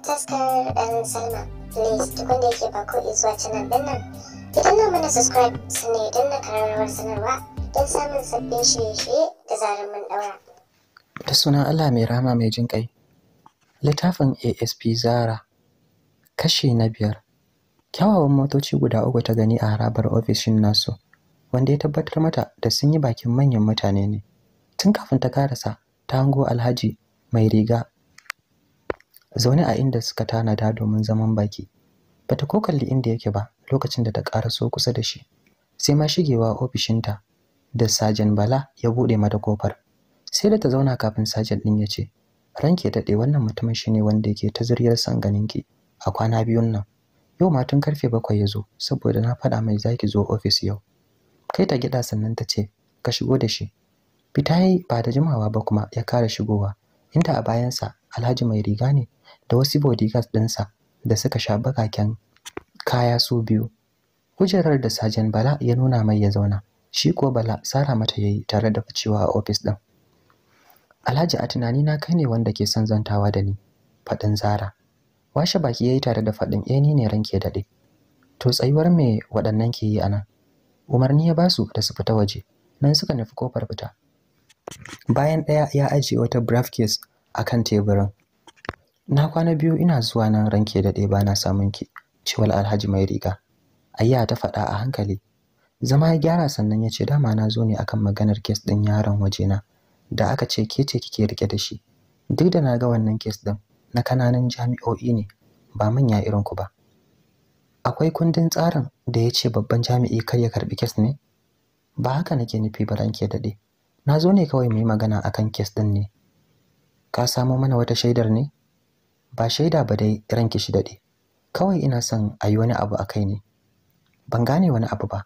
taskar salma please yake ba subscribe kararrawar sanarwa samun sabbin shirye-shirye da zarar mun ɗaura. sunan allah mai rama mai jin ƙai littafin asp zara kashi na biyar kyawawan motoci guda uku ta gani a harabar ofishin nasu wanda ya tabbatar mata da sun yi bakin manyan mutane ne tun kafin ta karasa ta hango alhaji mai riga zaune a inda suka tanada domin zaman baki bata ko kalli inda yake ba lokacin da ta karaso kusa da shi sai ma shigewa ofishinta da sajan bala ya bude mata kofar sai da ta zauna kafin sajan din ya ce ranke daɗe wannan mutumin shine wanda yake ta zuriyar san ki, a kwana biyun nan yau ma tun karfe bakwai ya zo saboda na faɗa mai zaki zo ofis yau kai ta gida sannan ta ce ka shigo da shi fita yi ba da jimawa ba kuma ya kara shigowa inda a bayansa alhaji mai riga ne da wasu bodyguards ɗinsa da suka sha bakaken kaya su biyu kujerar da sajan bala ya nuna mai ya zauna shi ko bala tsara mata ya yi tare da ficewa a ofis ɗin alhaji a tunani na kai ne wanda ke son zantawa da ni faɗin zara washe baki ya yi tare da faɗin eh ni ne ranke daɗe to tsayuwar me waɗannan ke yi anan umarni ya basu da su fita waje nan suka nufi kofar fita bayan ɗaya ya ajiye wata briefcase a kan teburin na kwana biyu ina zuwa nan ranke daɗe ba na samun ki cewar alhaji mai riga ayya ta faɗa a hankali zama ya gyara sannan ya ce dama na zo ne akan maganar kes ɗin yaron wajena da aka ce ke ce kike rike da shi duk da na ga wannan kes ɗin na kananan jami'o'i ne ba manya irin ku ba akwai kundin tsarin da ya ce babban jami'i kar ya karɓi kes ne ba haka nake nufi ba ranke daɗe na zo ne kawai mu yi magana akan kes ɗin ne ka samo mana wata shaidar ne ba shaida ba dai ranki shi daɗe kawai ina son a yi wani abu a kai ne ban gane wani abu ba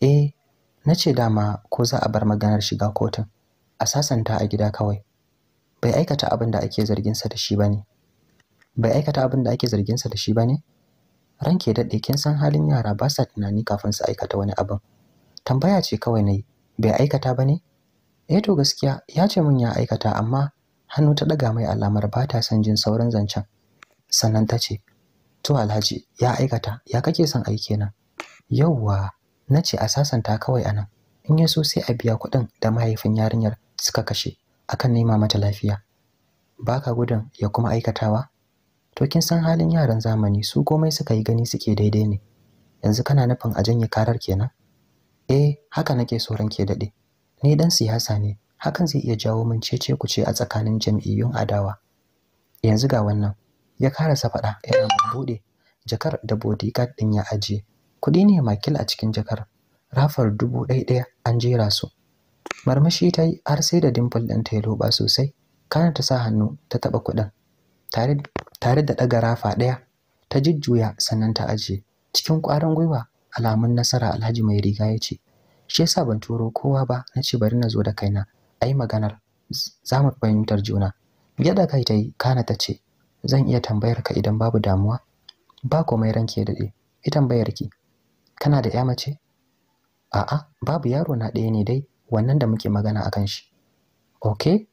eh na ce dama ko za a bar maganar shiga kotun a sasanta a gida kawai bai aikata abin da ake zarginsa da shi ba ne bai aikata abin da ake zarginsa da shi ba ne ranke daɗe kin san halin yara ba sa tunani kafin su aikata wani abin tambaya ce kawai na yi bai aikata ba ne eh to gaskiya ya ce min ya aikata amma hannu ta ɗaga mai alamar ba ta son jin sauran zancen sannan ta ce to alhaji ya aikata ya kake son aiki nan yauwa na ce a sasanta kawai anan in ya so sai a biya kuɗin da mahaifin yarinyar suka kashe akan nema mata lafiya Ba ka gudun ya kuma aikatawa to kin san halin yaran zamani su komai suka yi gani suke daidai ne yanzu kana nufin a janye karar kenan eh haka nake so ke daɗe ni dan siyasa ne hakan zai iya jawo min cece ce a tsakanin jam'iyyun adawa yanzu ga wannan ya karasa faɗa yana buɗe jakar da bodyguard din ya ajiye kuɗi ne makil a cikin jakar rafar dubu ɗaya ɗaya an jera su marmashi ta yi har sai da dimple ɗin ta ya loba sosai kana ta sa hannu ta taɓa kuɗin tare da ɗaga rafa ɗaya ta jujjuya sannan ta ajiye cikin ƙwarin gwiwa alamun nasara alhaji mai riga ya ce shi yasa ban turo kowa ba na ce bari na zo da kaina ai maganar za mu fahimtar juna yadda kai ta yi kana ta ce zan iya tambayar ka idan babu damuwa ba komai ranke daɗe yi tambayar ki kana da ya mace a'a babu yaro na ɗaya ne dai wannan da muke magana akan shi okay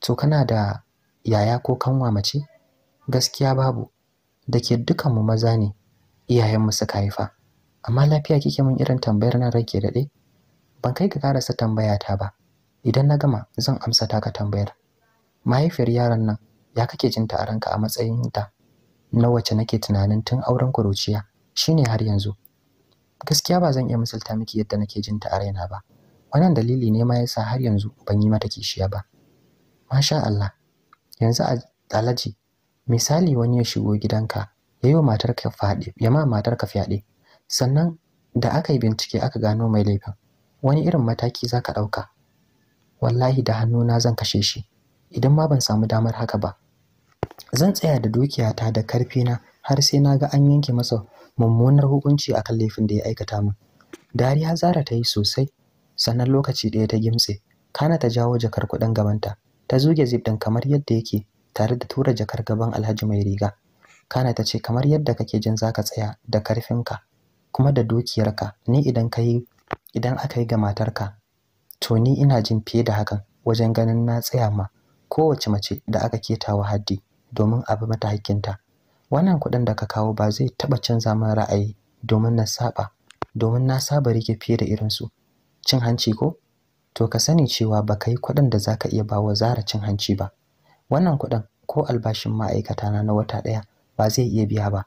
to kana da yaya ko kanwa mace gaskiya babu da ke mu maza ne iyayenmu suka haifa amma lafiya kike mun irin tambayar nan rake daɗe ban kai ka karasa tambaya ta ba idan na gama zan amsa taka tambayar mahaifiyar yaron nan ya kake jin jinta a matsayin a na wacce nake tunanin tun auren kuruciya shine har yanzu gaskiya ba zan iya misalta miki yadda nake jinta a raina ba wannan dalili ne ma yasa har yanzu ban yi mata kishiya ba masha Allah yanzu a alaji misali wani ya shigo gidanka ya yi wa matarka ya ma matarka fyaɗe sannan da aka yi bincike aka gano mai laifin wani irin mataki za ka ɗauka wallahi da hannuna zan kashe shi idan ma ban samu damar haka ba zan tsaya da dukiyata da karfina har sai na ga an yanke masa mummunar hukunci akan laifin da ya aikata min dariya zara ta yi sosai sannan lokaci ɗaya ta gimtse kana ta jawo jakar kuɗin gabanta ta zuge zip ɗin kamar yadda yake tare da tura jakar gaban alhaji mai riga kana ta ce kamar yadda kake jin zaka tsaya da karfinka kuma da dukiyarka ni idan aka yi ga matarka to ni ina jin fiye da hakan wajen ganin na tsaya ma kowace mace da aka ketawa haddi domin a bi mata hakkinta wannan kuɗin da ka kawo ba zai taɓa canza min ra'ayi domin na saba domin na saba rike fiye da irinsu cin hanci ko to ka sani cewa ba ka yi kuɗin da zaka iya bawa zara cin hanci ba wannan kuɗin ko albashin ma'aikata na na wata ɗaya ba zai iya biya ba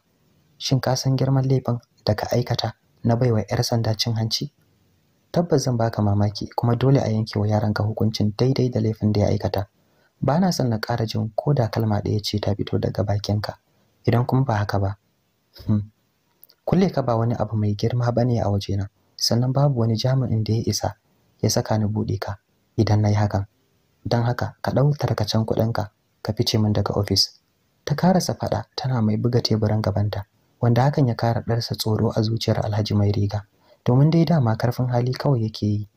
shin ka san girman laifin da ka aikata na baiwa 'yar sanda cin hanci tabbas zan baka mamaki kuma dole a yanke wa yaranka hukuncin daidai da laifin da ya aikata ba na son na ƙara jin ko da kalma ɗaya ce ta fito daga bakinka idan kuma ba haka ba hmm, kulle ka ba wani abu mai girma ba ne a waje na, sannan babu wani jami'in da ya isa ya saka ni buɗe ka idan na yi hakan don haka ka ɗau tarkacen kuɗinka ka fice min daga ofis ta karasa faɗa tana mai buga teburin gabanta wanda hakan ya kara ɗarsa tsoro a zuciyar alhaji mai riga domin dai dama karfin hali kawai yake yi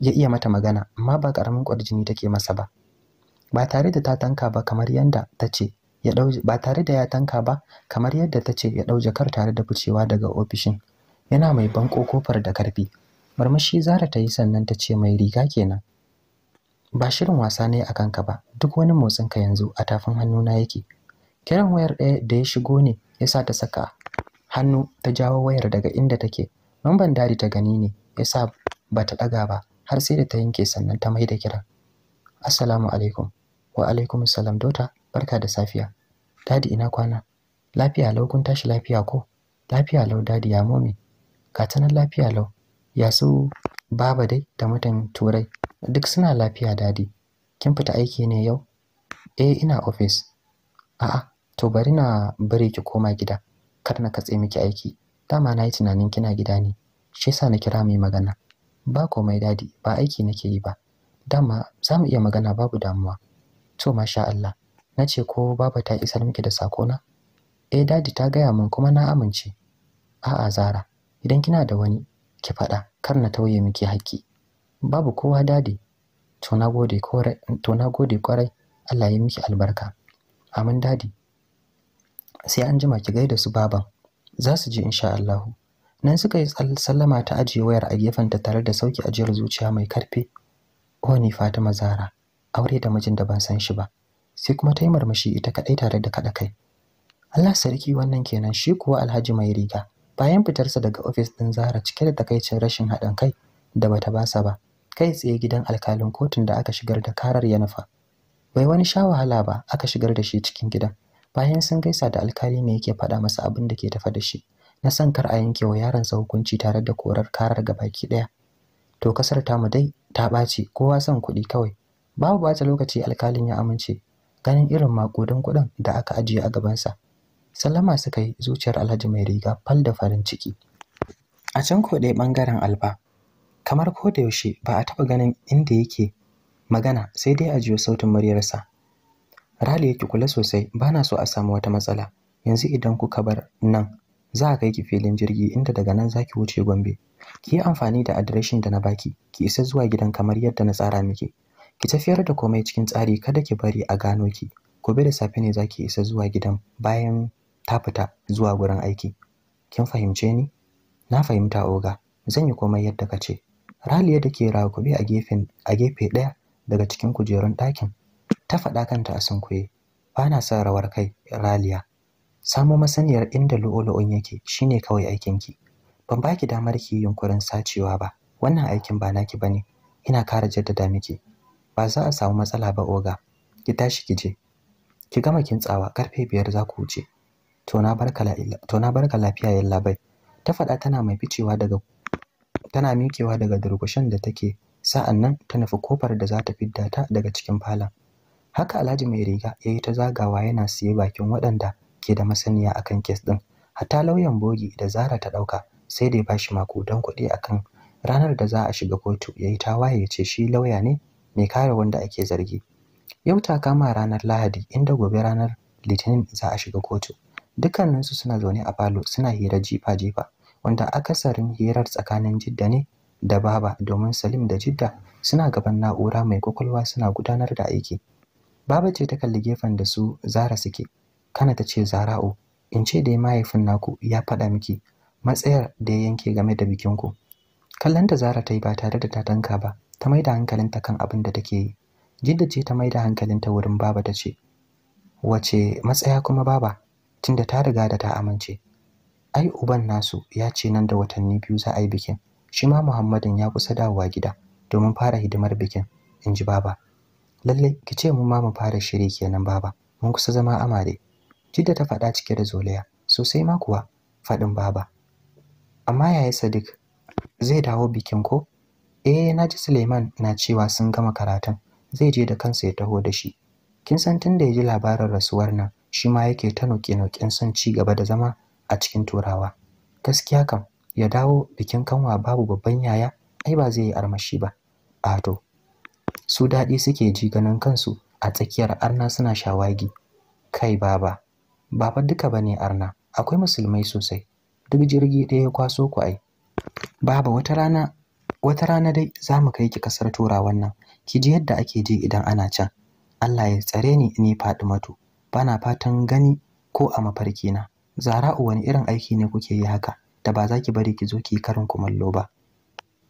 ya iya mata magana amma ba karamin kwarjini take masa ba ba tare da ta tanka ba kamar yadda ta ya ba tare da ya tanka ba kamar yadda ta ce ya ɗauje kar tare da ficewa daga ofishin yana mai banko kofar da karfi marmashi zara ta yi sannan ta ce mai riga kenan ba shirin wasa ne a kanka ba duk wani motsin ka yanzu a tafin hannuna yake kiran wayar ɗaya eh, da ya shigo ne ya sa ta saka hannu ta jawo wayar daga inda take Numban dadi ta gani ne yasa ba ta daga ba har sai da ta yanke sannan ta maida kira. Assalamu alaikum. Wa alaikum salam Dota, barka da safiya. Dadi ina kwana? Lafiya lau kun tashi lafiya ko? Lafiya lau dadi ya momi. Ka lafiya lau. Ya su baba dai da mutan turai. Duk suna lafiya dadi. Kin fita aiki ne yau? Eh ina office. A'a, to bari na bari ki koma gida. Kar na katse miki aiki. dama na yi tunanin kina gida ne shi yasa na kira mai magana ba komai dadi ba aiki nake yi ba dama za mu iya magana babu damuwa to masha Allah na ce ko baba ta isar miki da sako na? eh dadi ta gaya min kuma na amince a'a zara idan kina da wani ki faɗa kar na tauye miki haƙƙi babu kowa dadi to na gode to na gode kwarai Allah ya miki albarka amin dadi sai an jima ki gaida su baban za su je insha Allah nan suka yi sallama ta ajiye wayar a gefenta tare da sauki ajiyar zuciya mai karfi o oh, ni Fatima Zara aure da mijin da ban san shi ba sai kuma ta yi marmashi ita kadai tare da kada kai Allah sarki wannan kenan shi kuwa Alhaji mai riga bayan fitarsa daga ofis ɗin Zara cike da takaicin rashin haɗin kai da bata basa ba kai tsaye gidan alkalin kotun da aka shigar da karar ya nufa bai wani sha wahala ba aka shigar da shi cikin gidan bayan sun gaisa da alkali ne yake faɗa masa abin da ke tafa da shi na san kar a yanke wa yaron sa hukunci tare da korar karar ki ɗaya to kasar tamu dai ta ɓaci kowa son kuɗi kawai babu bata lokaci alkalin ya amince ganin irin makudan kuɗin da aka ajiye a gabansa sallama suka yi zuciyar alhaji mai riga fal da farin ciki a can ko ɗaya ɓangaren alba kamar ko da yaushe ba a taɓa ganin inda yake magana sai dai a jiyo sautin muryarsa Raliya ki kula sosai, bana so a samu wata matsala. Yanzu idan kuka bar nan, za a kai ki filin jirgi inda daga nan za ki wuce Gombe. Ki yi amfani da adireshin da na baki, ki isa zuwa gidan kamar yadda na tsara miki. Ki tafiyar da komai cikin tsari kada ki bari a gano ki. Gobe da safe ne za ki isa zuwa gidan bayan ta fita zuwa gurin aiki. Kin fahimce ni? Na fahimta oga, zan yi komai yadda ka ce. Raliya da ke rakube a a gefe ɗaya daga cikin kujerun ɗakin ta faɗa kanta a sunkuye ba na son rawar kai raliya samo masaniyar inda lu'ulu'un yake shine kawai aikin ki. ban baki damar ki yunkurin sacewa ba wannan aikin ba naki bane ina kara jaddada miki ba za a samu matsala ba oga ki tashi ki je ki gama kintsawa karfe biyar za ku wuce to na barka lafiya yalla bai ta faɗa tana mai ficewa daga tana mikewa daga durgushin da take sa'an nan ta nufi kofar da za ta fidda ta daga cikin falon haka alhaji mai riga ya yi ta zagawa yana siye bakin waɗanda ke da masaniya akan kes ɗin hatta lauyan bogi da zara ta ɗauka sai da ya bashi makudan kuɗi akan ranar da za a shiga kotu ya yi ta waye ce shi lauya ne mai kare wanda ake zargi yau ta kama ranar lahadi inda gobe ranar litinin za a shiga kotu dukkaninsu suna zaune a falo suna hira jifa-jifa wanda akasarin hirar tsakanin jidda ne da baba domin salim da jidda suna gaban na'ura mai kwakwalwa suna gudanar da aiki Baba ce ta kalli gefen da su Zara suke. Kana ta ce Zara'u, in ce da mahaifin naku ya faɗa miki matsayar da ya yanke game da bikinku. Kallanta Zara ta yi ba tare da ta tanka ba, ta mai maida hankalinta kan abin da take yi. Jidda ce ta maida hankalinta wurin baba ta ce, Wace matsaya kuma baba, tunda ta riga da ta amince. Ai, uban nasu ya ce nan da watanni biyu za a yi bikin, shi ma Muhammadin ya kusa dawowa gida domin fara hidimar bikin, in ji baba. Lallai, ki ce mu ma mu fara shiri kenan baba. Mun kusa zama amare. Jidda ta faɗa cike da zolaya sosai ma kuwa faɗin baba. Amma yaya Sadiq zai dawo bikin ko? Eh na ji Suleiman na cewa sun gama karatun. Zai je da kansa ya taho da shi. Kin san tun da ya ji labarin rasuwar nan shi ma yake ta noƙe-noƙen son ci gaba da zama a cikin turawa. Gaskiya kam ya dawo bikin kanwa babu babban yaya ai ba zai yi armashi ba. A to su daɗi suke ji ganin kansu a tsakiyar arna suna shawagi kai baba baba duka bane arna akwai musulmai sosai duk jirgi ɗaya ya kwaso ku ai baba wata rana wata rana dai za mu kai ki kasar turawan nan ki ji yadda ake ji idan ana can Allah ya tsare ni ni matu, bana fatan gani ko a mafarki na Zara'u wani irin aiki ne kuke yi haka da ba za ki bari ki zo ki karin kumallo ba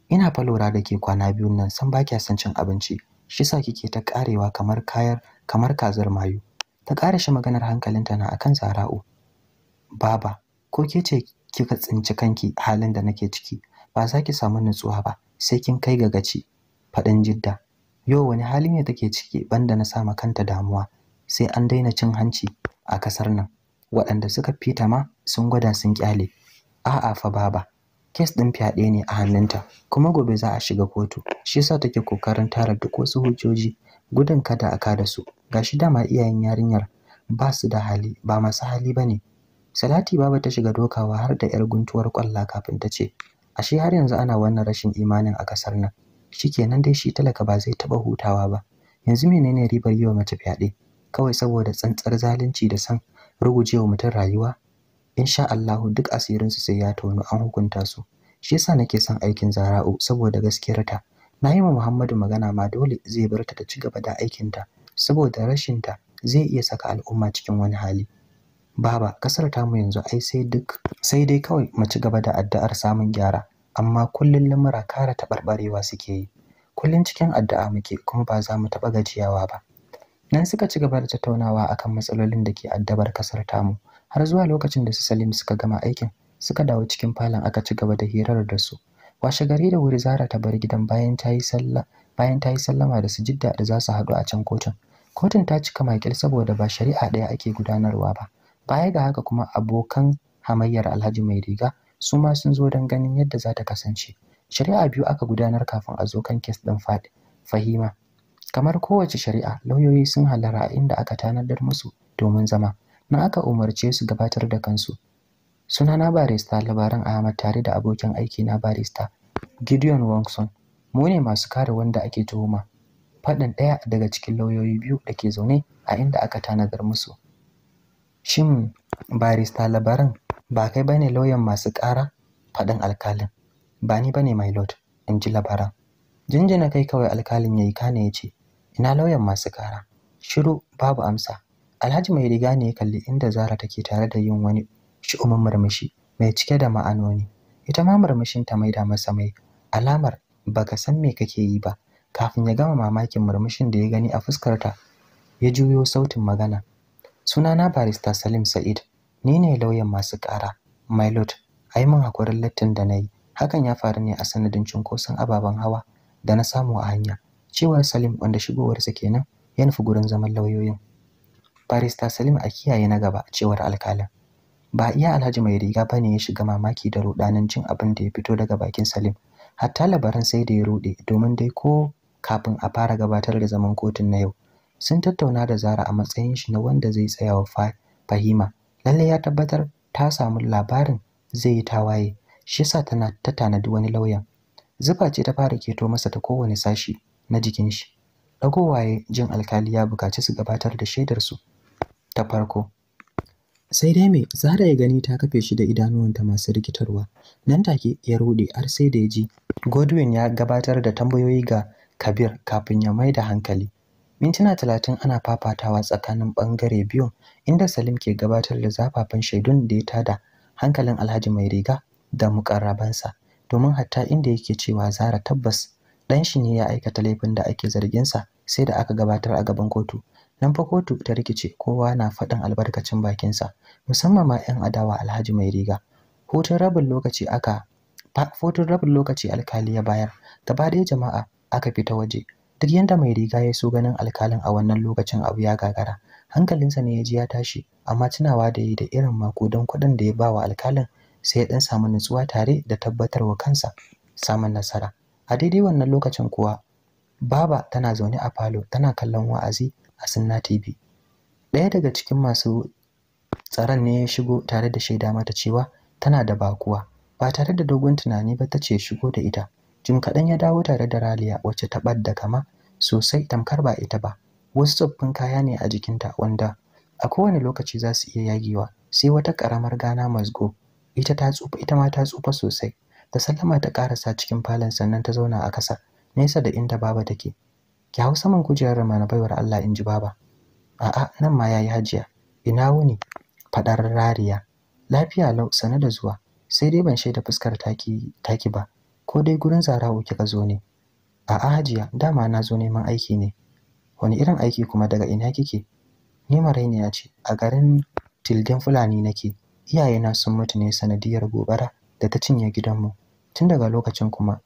ina fa lura da ke kwana biyun nan san ba kya son cin abinci shi sa kike ta karewa kamar kayar kamar kazar mayu ta ƙara shi maganar hankalinta na akan Zara'u baba ko ke ce kika tsinci kanki halin da nake ciki ba za ki samu nutsuwa ba sai kin kai ga gaci faɗin jidda yau wani hali ne take ciki banda na sa kanta damuwa sai an daina cin hanci a ƙasar nan waɗanda suka fita ma sun gwada sun kyale a'a fa baba kes ɗin fyaɗe ne a hannunta kuma gobe za a shiga kotu shi yasa take kokarin tara duk wasu hujjoji gudun kada a kada su gashi ma iyayen yarinyar ba su da hali ba masu hali ba ne. Salati baba ta shiga dokawa har da yar guntuwar kwalla kafin ta ce ashe har yanzu ana wannan rashin imanin a kasar nan shikenan dai shi talaka ba zai taba hutawa ba yanzu menene ribar yiwa wa mace fyaɗe kawai saboda tsantsar zalunci da san rugujewa mutum rayuwa In sha Allahu duk asirin su sai ya tono an hukunta su shi yasa nake son aikin Zara'u saboda gaskiyar ta na yi wa Muhammadu magana ma dole zai bar ta ta ci gaba da aikin ta saboda rashin ta zai iya saka al'umma cikin wani hali baba kasar mu yanzu ai sai duk sai dai kawai mu ci gaba da addu'ar samun gyara amma kullun lamura kara taɓarɓarewa suke yi kullun cikin addu'a muke kuma ba za mu taɓa gajiyawa ba nan suka ci gaba da tattaunawa akan matsalolin da ke addabar kasar tamu har zuwa lokacin da su Salim suka gama aikin suka dawo cikin falon aka ci gaba da hirar da su washe gari da wuri Zara ta bar gidan bayan ta yi sallah bayan ta yi sallama da su jidda da za su haɗu a can kotun kotun ta cika makil saboda ba shari'a ɗaya ake gudanarwa ba baya ga haka kuma abokan hamayyar Alhaji mai riga su ma sun zo don ganin yadda za ta kasance shari'a biyu aka gudanar kafin a zo kan kes ɗin fahima kamar kowace shari'a lauyoyi sun halara inda aka tanadar musu domin zama na aka umarce su gabatar da kansu sunana barista labaran ahmad tare da abokin aiki na barista gideon wongson mu ne masu kare wanda ake tuhuma faɗin ɗaya daga cikin lauyoyi biyu da ke zaune a inda aka tanadar musu shin barista labaran ba kai ba ne lauyan masu ƙara faɗin alkalin ba ni ba ne my lord in ji labaran jinjina kai kawai alkalin ya yi kane ya ce ina lauyan masu ƙara shiru babu amsa Alhaji mai riga ne ya kalli inda Zara take tare da yin wani shi'umin murmushi mai cike da ma'anoni. Ita ma murmushin ta maida masa mai alamar baka san me kake yi ba. Kafin ya gama mamakin murmushin da ya gani a fuskarta, ya juyo sautin magana. Sunana barista Salim Sa'id, ni ne lauyan masu ƙara, lord, a yi min hakurin lattin da na yi. Hakan ya faru ne a sanadin cunkoson ababen hawa da na samu a hanya. Cewar Salim wanda shigowarsa kenan ya nufi gurin zaman lauyoyin. barista salim a kiyaye na gaba cewar alkalin ba iya alhaji mai riga ba ne ya shiga mamaki da rudanin jin abin da ya fito daga bakin salim hatta labaran sai da ya rude domin dai ko kafin a fara gabatar da zaman kotun na yau sun tattauna da zara a matsayin shi na wanda zai tsaya wa fahima lalle ya tabbatar ta samu labarin zai yi tawaye shi yasa tana ta tanadi wani lauyan zufa ce ta fara keto masa ta kowane sashi na jikin shi waye jin alkali ya bukaci su gabatar da shaidarsu? ta farko sai dai me zara ya gani ta kafe shi da idanuwanta masu rikitarwa nan take ya rude har sai da ya ji godwin ya gabatar da tambayoyi ga kabir kafin ya mai da hankali mintuna talatin ana fafatawa tsakanin ɓangare biyun inda salim ke gabatar da zafafan shaidun da ya tada hankalin alhaji mai riga da mukarrabansa domin hatta inda yake cewa zara tabbas ɗan shi ne ya aikata laifin da ake zarginsa sai da aka gabatar a gaban kotu nan fa kotu ta rikice kowa na faɗin albarkacin bakinsa musamman ma 'yan adawa alhaji mai riga hutun rabin lokaci aka hutun rabin lokaci alkali ya bayar gaba ɗaya jama'a aka fita waje duk yadda mai riga ya so ganin alkalin a wannan lokacin abu ya gagara hankalinsa ne ya ji ya tashi amma tunawa da yi da irin makudan kuɗin da ya ba wa alkalin sai ya ɗan samu nutsuwa tare da tabbatar wa kansa samun nasara a daidai wannan lokacin kuwa baba tana zaune a falo tana kallon wa'azi a Sunna TV. Ɗaya daga cikin masu tsaron ne ya shigo tare da shaida mata cewa tana da bakuwa. Ba tare da dogon tunani ba ta ce shigo da ita. Jim kaɗan ya dawo tare da Raliya wacce ta ɓadda kama sosai tamkar ba ita ba. Wasu tsoffin kaya ne a jikinta wanda a kowane lokaci za su iya yagewa sai wata ƙaramar gana mazgo. ita ta tsufa ita ma ta tsufa sosai. Ta sallama ta ƙarasa cikin falon sannan ta zauna a ƙasa. nesa da inda baba take. ki hau saman kujerar mana baiwar Allah in ji baba a'a nan ma yayi hajiya ina wuni fadar rariya lafiya lau sana da zuwa sai dai ban shaida fuskar taki taki ba ko dai gurin zarawo kika zo ne a'a hajiya dama na zo neman aiki ne wani irin aiki kuma daga ina kike ni ya ce a garin tilgen fulani nake iyayena sun mutu ne sanadiyar gobara da ta cinye gidanmu tun daga lokacin kuma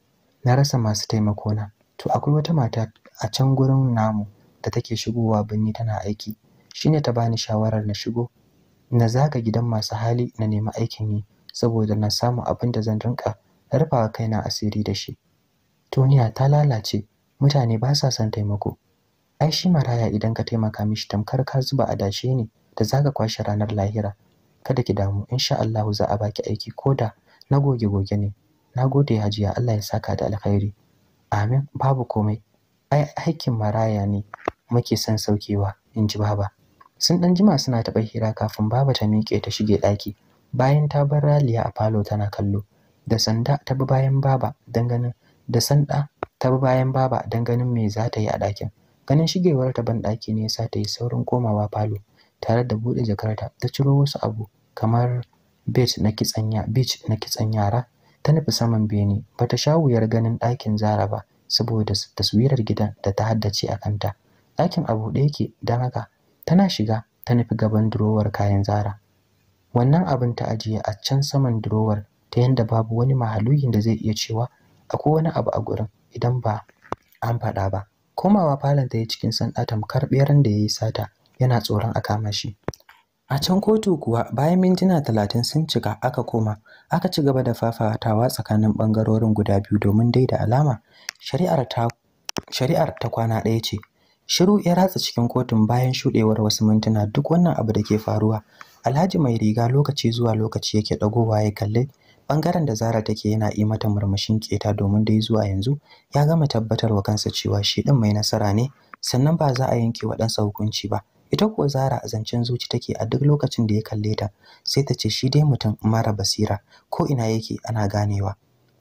na rasa masu taimako na to akwai wata mata a can gurin namu da take shigowa birni tana aiki shine ta bani shawarar na shigo na zaga gidan masu hali na nemi aikin yi saboda na samu abin da zan rinka rufawa kaina asiri da shi tuniya ta lalace mutane ba sa son taimako ai shi maraya idan ka taimaka mishi tamkar ka zuba adashe ne da zaka kwashe ranar lahira kada ki damu insha Allah za a baki aiki koda na goge goge ne Na gode, hajiya Allah ya saka da alkhairi amin babu komai ai aikin maraya ne muke son saukewa in ji baba sun ɗan jima suna taɓa hira kafin baba ta miƙe ta shige ɗaki bayan ta bar raliya a falo tana kallo da sanda ta bi bayan baba don ganin da sanda ta bi bayan baba don ganin me za ta yi a ɗakin ganin shigewar ta ban ɗaki ne sa ta yi saurin komawa falo tare da buɗe jakarta ta ciro wasu abu kamar beach na kitsan na kitsan yara ta nufi saman bene bata sha wuyar ganin ɗakin Zara ba saboda taswirar gidan da ta haddace a kanta ɗakin abu ɗaya ke da haka tana shiga ta nufi gaban durowar kayan zara wannan abin ta ajiye a can saman durowar ta yadda babu wani mahaluyin da zai iya cewa akwai wani abu a gurin idan ba an faɗa ba komawa falon ta yi cikin san tamkar ɓeran da ya yi sata yana tsoron a kama shi a can kotu kuwa bayan mintuna talatin sun cika aka koma Aka ci gaba da fafatawa tsakanin ɓangarorin guda biyu domin dai da alama shari'ar ta kwana ɗaya ce. Shiru ya ratsa cikin kotun bayan shuɗewar wasu mintuna duk wannan abu da ke faruwa. Alhaji mai riga lokaci zuwa lokaci yake ɗagowa ya kalli ɓangaren da Zara take yana yi mata murmushin keta domin dai zuwa yanzu ya gama tabbatarwa kansa cewa shi ɗin mai nasara ne sannan ba za a yanke waɗansa hukunci ba ita kuwa Zara a zancen zuci take a duk lokacin da ya kalle ta sai ta ce shi dai mutum mara basira ko ina yake ana ganewa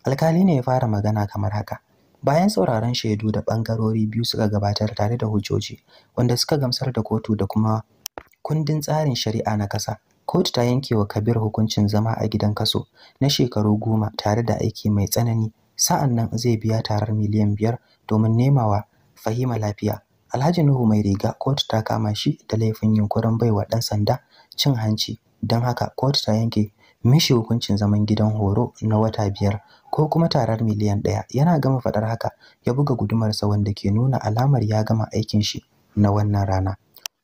alkali ne ya fara magana kamar haka bayan sauraron shaidu da bangarori biyu suka gabatar tare da hujjoji wanda suka gamsar da kotu da kuma kundin tsarin shari'a na kasa kotu ta yanke wa kabir hukuncin zama a gidan kaso na shekaru goma tare da aiki mai tsanani sa'an nan zai biya tarar miliyan biyar domin nemawa fahima lafiya Alhaji Nuhu mai riga kotu ta kama shi da laifin yunkurin baiwa ɗan sanda cin hanci don haka kotu ta yanke mishi hukuncin zaman gidan horo na wata biyar ko kuma tarar miliyan ɗaya yana gama faɗar haka ya buga gudumarsa wanda ke nuna alamar ya gama aikin shi na wannan rana.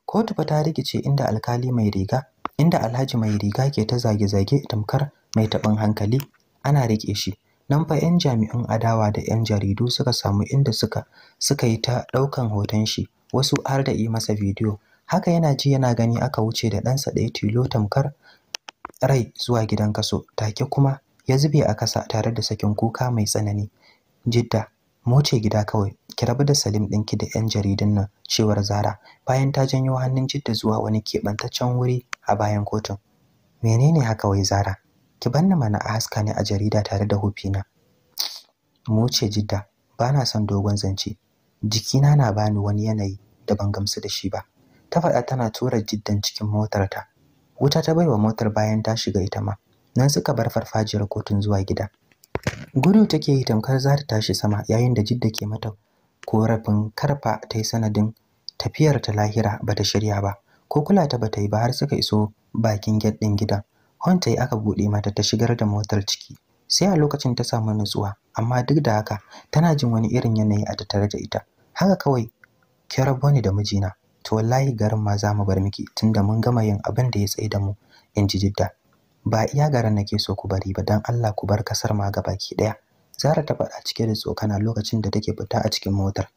Kotu fa ta rikice inda alkali mai riga inda Alhaji mai riga ke ta zage-zage tamkar mai taɓin hankali ana riƙe shi nan fa 'yan jami'an adawa da 'yan jaridu suka samu inda suka suka yi ta ɗaukan hoton shi wasu har da yi masa bidiyo haka yana ji yana gani aka wuce da ɗansa ɗaya tilo tamkar rai zuwa gidan kaso take kuma ya zube a kasa tare da sakin kuka mai tsanani jidda moce gida kawai ki rabu da salim ɗinki da 'yan jaridun nan cewar zara bayan ta janyo hannun jidda zuwa wani keɓantaccen wuri a bayan kotun menene haka wai zara ki banni mana a haska ne a jarida tare da hufina mu ce jidda ba na son dogon zance jikina na bani wani yanayi da ban gamsu da shi ba ta faɗa tana tura jiddan cikin motarta wuta ta baiwa motar bayan ta shiga ita ma nan suka bar farfajiyar kotun zuwa gida gudu take yi tamkar za ta tashi sama yayin da jidda ke mata korafin karfa ta yi sanadin tafiyar ta lahira ba ta shirya ba ko kula ta bata yi ba har suka iso bakin gate ɗin gidan on aka buɗe mata ta shigar da motar ciki sai a lokacin ta samu nutsuwa amma duk da haka tana jin wani irin yanayi a tattare da ita haka kawai kira rabo da mijina to wallahi garin ma za mu bar miki tunda mun gama yin abin da ya tsaye da mu in ji jidda ba iya garin nake so ku bari ba dan Allah ku bar kasar ma ga baki daya Zara ta faɗa cike da tsokana lokacin da take fita a cikin motar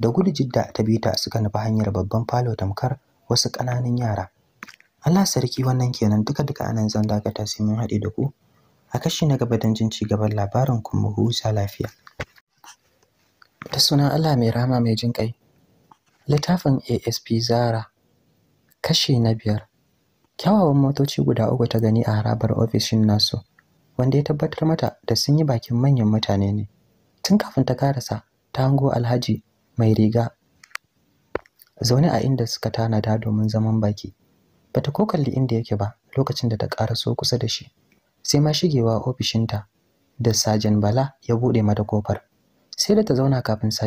da gudu jidda ta bi ta suka nufi hanyar babban falo tamkar wasu ƙananan yara Allah sarki wannan kenan duka duka anan zan dakata sai mun haɗe da ku a kashi na gaba don jin ci gaban labarin mu huta lafiya. Da sunan Allah mai rama mai jin ƙai. Littafin ASP Zara kashi na biyar. Kyawawan motoci guda uku ta gani a harabar ofishin nasu wanda ya tabbatar mata da sun yi bakin manyan mutane ne. Tun kafin ta karasa ta hango Alhaji mai riga zaune a inda suka tanada domin zaman baki. bata ko kalli inda yake ba lokacin da ta ƙara so kusa da shi sai ma shigewa ofishinta da sajan bala ya buɗe mata kofar sai da ta zauna kafin